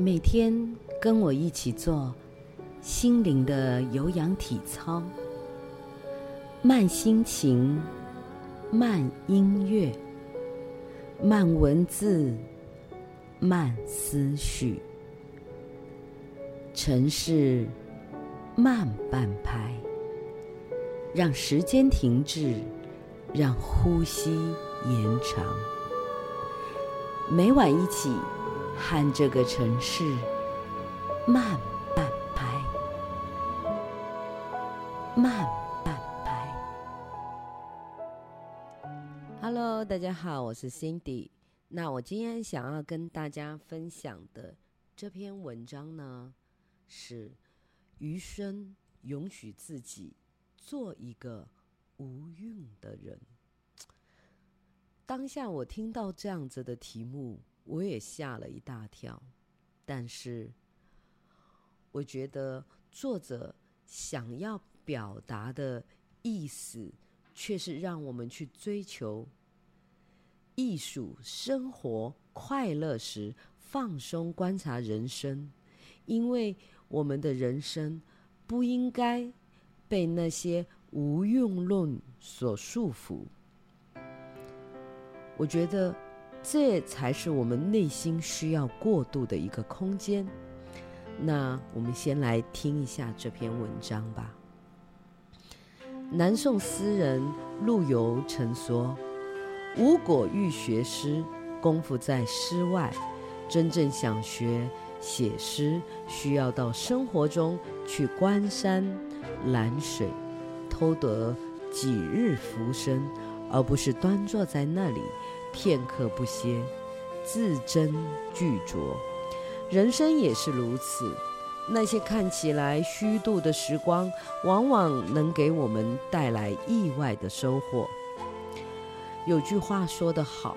每天跟我一起做心靈的有氧體操，慢心情，慢音樂，慢文字，慢思緒，城市慢半拍，讓時間停滯，讓呼吸延長。每晚一起。看這個城市，慢半拍慢半拍 Hello，大家好，我是 Cindy。那我今天想要跟大家分享的這篇文章呢，是餘生允許自己做一個無用的人。當下我聽到這樣子的題目。我也嚇了一大跳，但是我覺得作者想要表達的意思，卻是讓我們去追求藝術、生活、快樂時放鬆，觀察人生，因為我們的人生不應該被那些無用論所束縛。我覺得。這才是我們內心需要過渡的一個空間。那我們先來聽一下這篇文章吧。南宋詩人陸游曾說：“汝果欲學詩，功夫在詩外。真正想學寫詩，需要到生活中去觀山覽水，偷得幾日浮生，而不是端坐在那裡。”片刻不歇，字斟句酌。人生也是如此。那些看起來虛度的時光，往往能給我們帶來意外的收穫。有句話說得好：“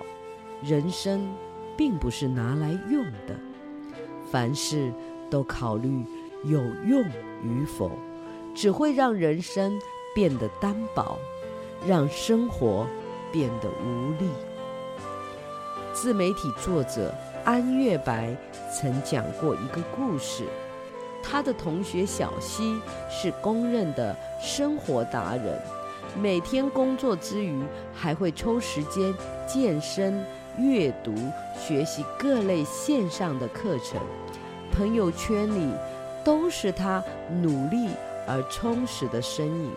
人生並不是拿來用的，凡事都考慮有用與否，只會讓人生變得單薄，讓生活變得無力。”自媒體作者安月白曾講過一個故事。他的同學小希是公認的生活達人，每天工作之餘還會抽時間健身、閱讀、學習各類線上的課程。朋友圈裡都是他努力而充實的身影。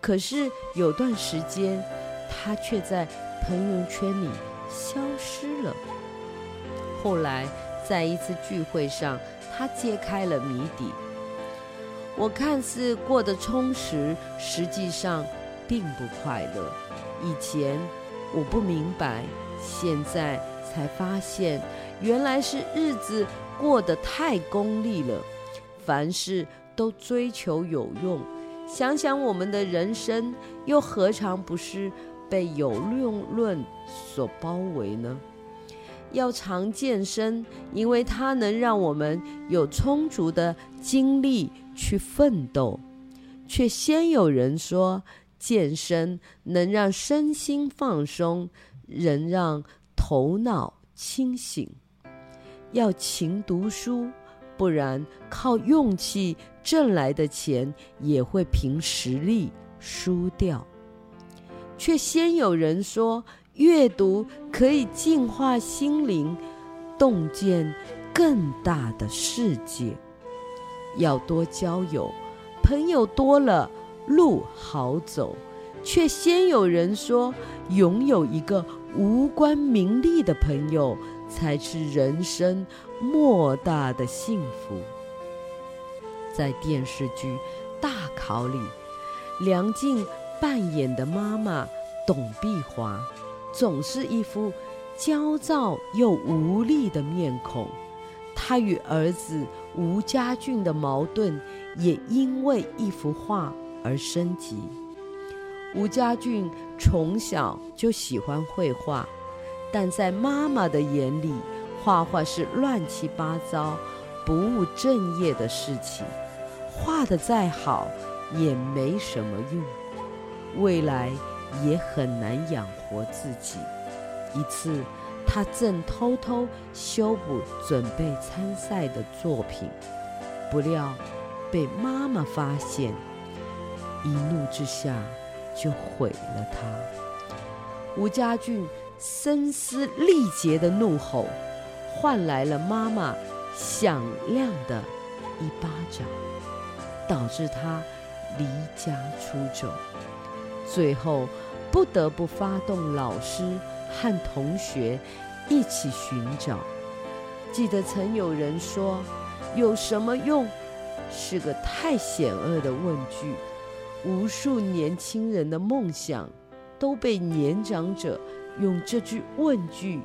可是有段時間，他卻在朋友圈裡。消失了。後來，在一次聚會上，他揭開了謎底：“我看似過得充實，實際上並不快樂。以前我不明白，現在才發現，原來是日子過得太功利了，凡事都追求有用。想想我們的人生，又何嘗不是？”被有用論所包圍呢？要常健身，因為它能讓我們有充足的精力去奮鬥。卻鮮有人說健身能讓身心放鬆，能讓頭腦清醒。要勤讀書，不然靠運氣掙來的錢也會憑實力輸掉。卻先有人說，閱讀可以淨化心靈，洞見更大的世界；要多交友，朋友多了路好走。卻先有人說，擁有一個無關名利的朋友，才是人生莫大的幸福。在電視劇《大考》裡，梁靜。扮演的媽媽董碧華，總是一副焦躁又無力的面孔。她與兒子吳家俊的矛盾也因為一幅畫而升級。吳家俊從小就喜歡繪畫，但在媽媽的眼裡，畫畫是亂七八糟、不務正業的事情，畫得再好也沒什麼用。未來也很難養活自己。一次，他正偷偷修補準備參賽的作品，不料被媽媽發現，一怒之下就毀了他。吳家俊聲嘶力竭的怒吼，換來了媽媽響亮的一巴掌，導致他離家出走。最後，不得不發動老師和同學一起尋找。記得曾有人說：“有什麼用？”是個太險惡的問句。無數年輕人的夢想都被年長者用這句問句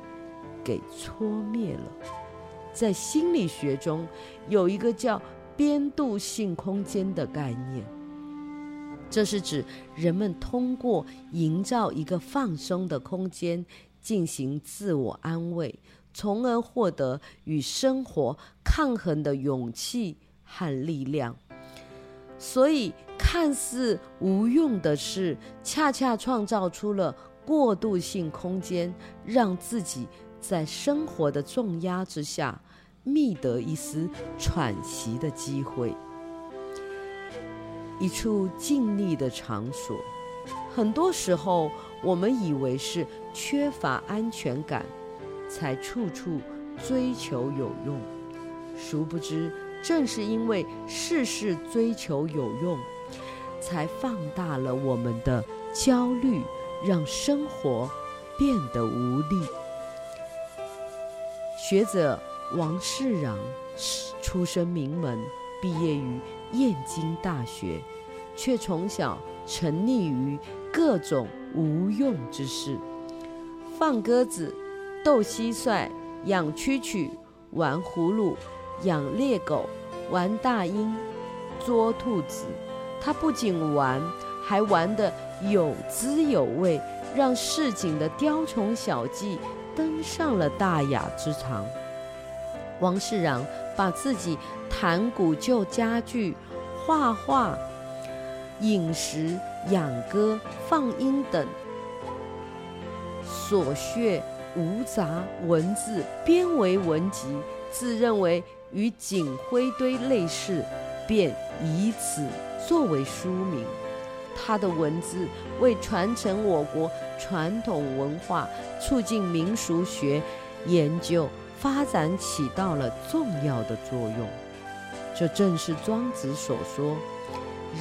給戳滅了。在心理學中，有一個叫“過渡性空間”的概念。這是指人們通過營造一個放鬆的空間，進行自我安慰，從而獲得與生活抗衡的勇氣和力量。所以，看似無用的事，恰恰創造出了過渡性空間，讓自己在生活的重壓之下覓得一絲喘息的機會。一處靜謐的場所。很多時候，我們以為是缺乏安全感，才處處追求有用。殊不知，正是因為事事追求有用，才放大了我們的焦慮，讓生活變得無力。學者王世襄出身名門，畢業於燕京大學，卻從小沉溺於各種無用之事：放鴿子、鬥蟋蟀、養蛐蛐、玩葫蘆、養獵狗，狗、玩大鷹、捉兔子。他不僅玩，還玩得有滋有味，讓市井的雕蟲小技登上了大雅之堂。王世襄把自己談古舊家具、畫畫、飲食、養鴿、放鷹等所學無雜文字編為文集，自認為與錦灰堆類似，便以此作為書名。他的文字為傳承我國傳統文化、促進民俗學研究。發展起到了重要的作用，這正是莊子所說：“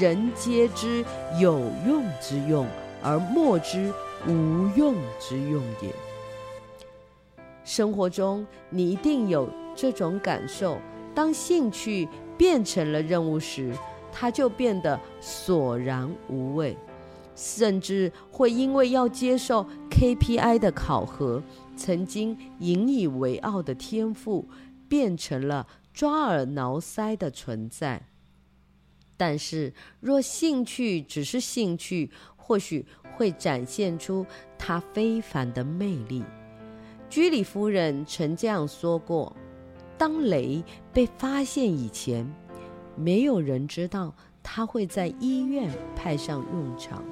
人皆知有用之用，而莫知無用之用也。”生活中，你一定有這種感受：當興趣變成了任務時，它就變得索然無味。甚至會因為要接受 KPI 的考核，曾經引以為傲的天賦變成了抓耳撓腮的存在。但是，若興趣只是興趣，或許會展現出它非凡的魅力。居里夫人曾這樣說過：“當鐳被發現以前，沒有人知道它會在醫院派上用場。”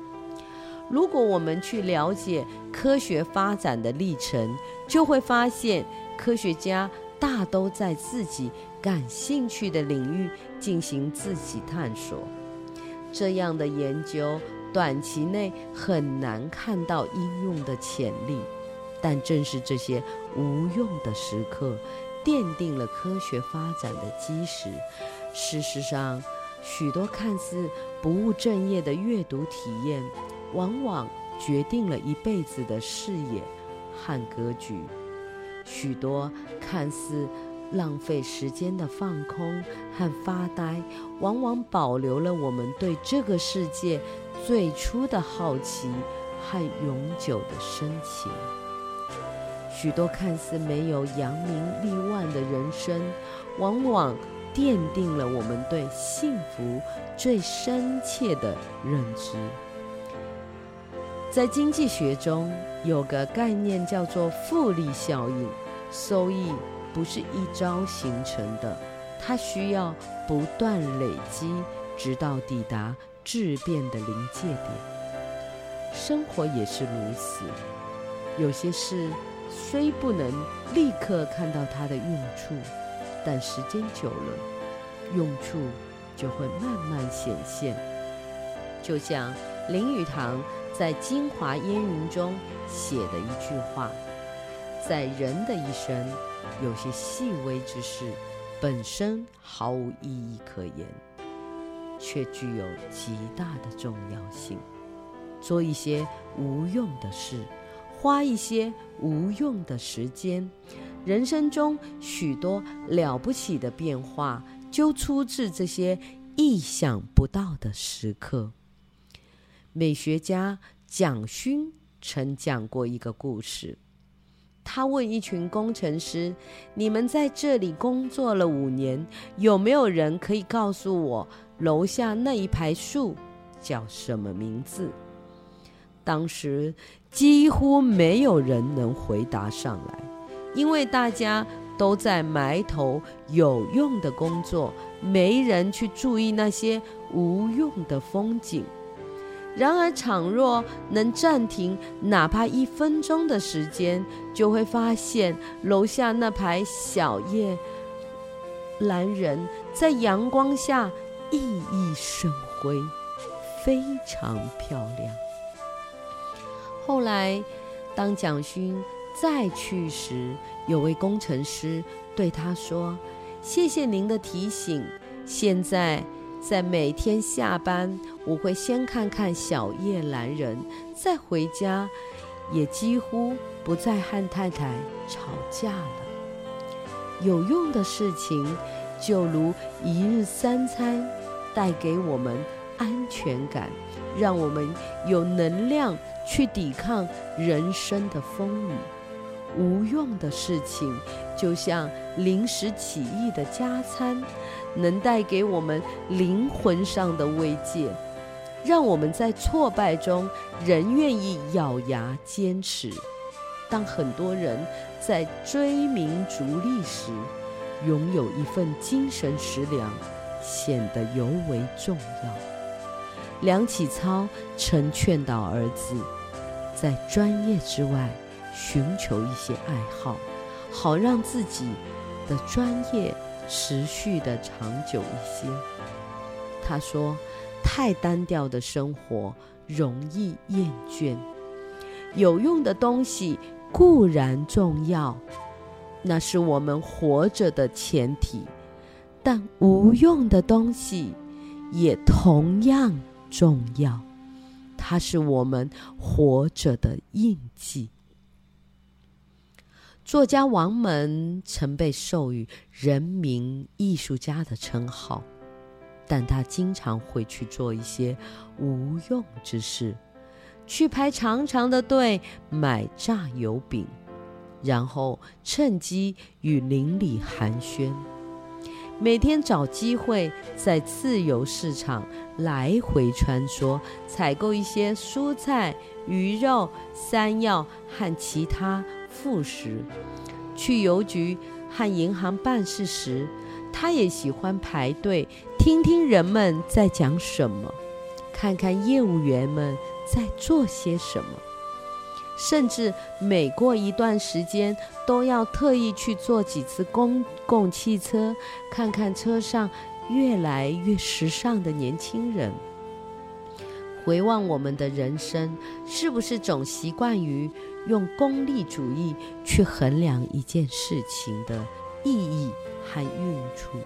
如果我們去了解科學發展的歷程，就會發現，科學家大都在自己感興趣的領域進行自己探索。這樣的研究短期內很難看到應用的潛力，但正是這些無用的時刻，奠定了科學發展的基石。事實上，許多看似不務正業的閱讀體驗。往往決定了一輩子的視野和格局。許多看似浪費時間的放空和發呆，往往保留了我們對這個世界最初的好奇和永久的深情。許多看似沒有揚名立萬的人生，往往奠定了我們對幸福最深切的認知。在經濟學中，有個概念叫做複利效應，收益不是一朝形成的，它需要不斷累積，直到抵達質變的臨界點。生活也是如此，有些事雖不能立刻看到它的用處，但時間久了，用處就會慢慢顯現。就像林語堂。在《京華煙雲》中寫的一句話：“在人的一生，有些細微之事，本身毫無意義可言，卻具有極大的重要性。做一些無用的事，花一些無用的時間，人生中許多了不起的變化，就出自這些意想不到的時刻。”美學家蔣勳曾講過一個故事，他問一群工程師：“你們在這裡工作了五年，有沒有人可以告訴我樓下那一排樹叫什麼名字？”當時幾乎沒有人能回答上來，因為大家都在埋頭有用的工作，沒人去注意那些無用的風景。然而，倘若能暫停哪怕一分鐘的時間，就會發現樓下那排小葉欖仁在陽光下熠熠生輝，非常漂亮。後來，當蔣勳再去時，有位工程師對他說：“謝謝您的提醒，現在。”在每天下班，我會先看看小葉蘭人，再回家，也幾乎不再和太太吵架了。有用的事情，就如一日三餐，帶給我們安全感，讓我們有能量去抵抗人生的風雨。無用的事情，就像臨時起意的加餐，能帶給我們靈魂上的慰藉，讓我們在挫敗中仍願意咬牙堅持。當很多人在追名逐利時，擁有一份精神食糧顯得尤為重要。梁啟超曾勸導兒子，在專業之外，尋求一些愛好，好讓自己的專業持續的長久一些。他說：“太單調的生活容易厭倦，有用的東西固然重要，那是我們活着的前提，但無用的東西也同樣重要，它是我們活着的印記。”作家王蒙曾被授予人民藝術家的稱號，但他經常會去做一些無用之事，去排長長的隊買炸油餅，然後趁機與鄰里寒暄。每天找機會在自由市場來回穿梭，採購一些蔬菜、魚肉、山藥和其他副食。去郵局和銀行辦事時，他也喜歡排隊，聽聽人們在講什麼，看看業務員們在做些什麼。甚至每過一段時間，都要特意去坐幾次公共汽車，看看車上越來越時尚的年輕人。回望我們的人生，是不是總習慣於用功利主義去衡量一件事情的意義和用處？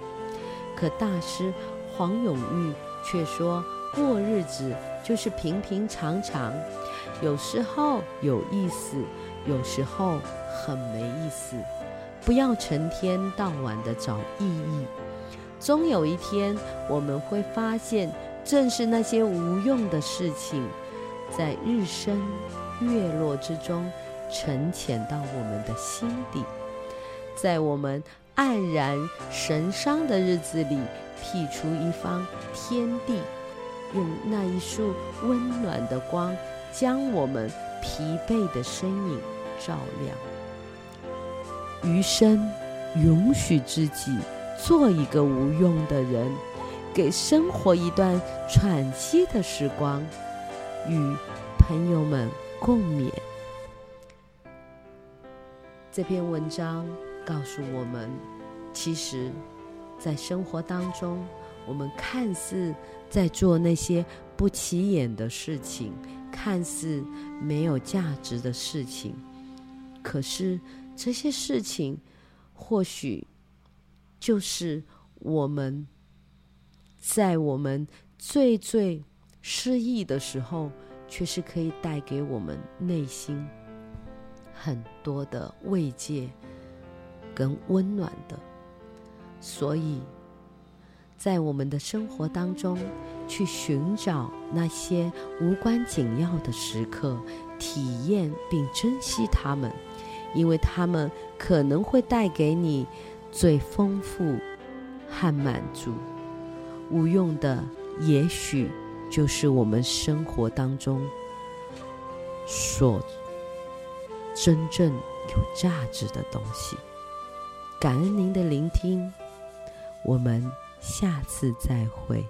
可大師黃永玉卻說過：“日子就是平平常常。”有時候有意思，有時候很沒意思。不要成天到晚的找意義，終有一天我們會發現，正是那些無用的事情，在日升月落之中沉潛到我們的心底，在我們黯然神傷的日子裡闢出一方天地，用那一束溫暖的光，將我們疲憊的身影照亮，餘生允許自己做一個無用的人，給生活一段喘息的時光，與朋友們共勉。這篇文章告訴我們，其實在生活當中，我們看似在做那些不起眼的事情。看似沒有價值的事情，可是這些事情，或許就是我們，在我們最最失意的時候，卻是可以帶給我們內心很多的慰藉跟溫暖的。所以，在我們的生活當中。去尋找那些無關緊要的時刻，體驗並珍惜它們，因為它們可能會帶給你最豐富和滿足。無用的，也許就是我們生活當中所真正有價值的東西。感恩您的聆聽，我們下次再會。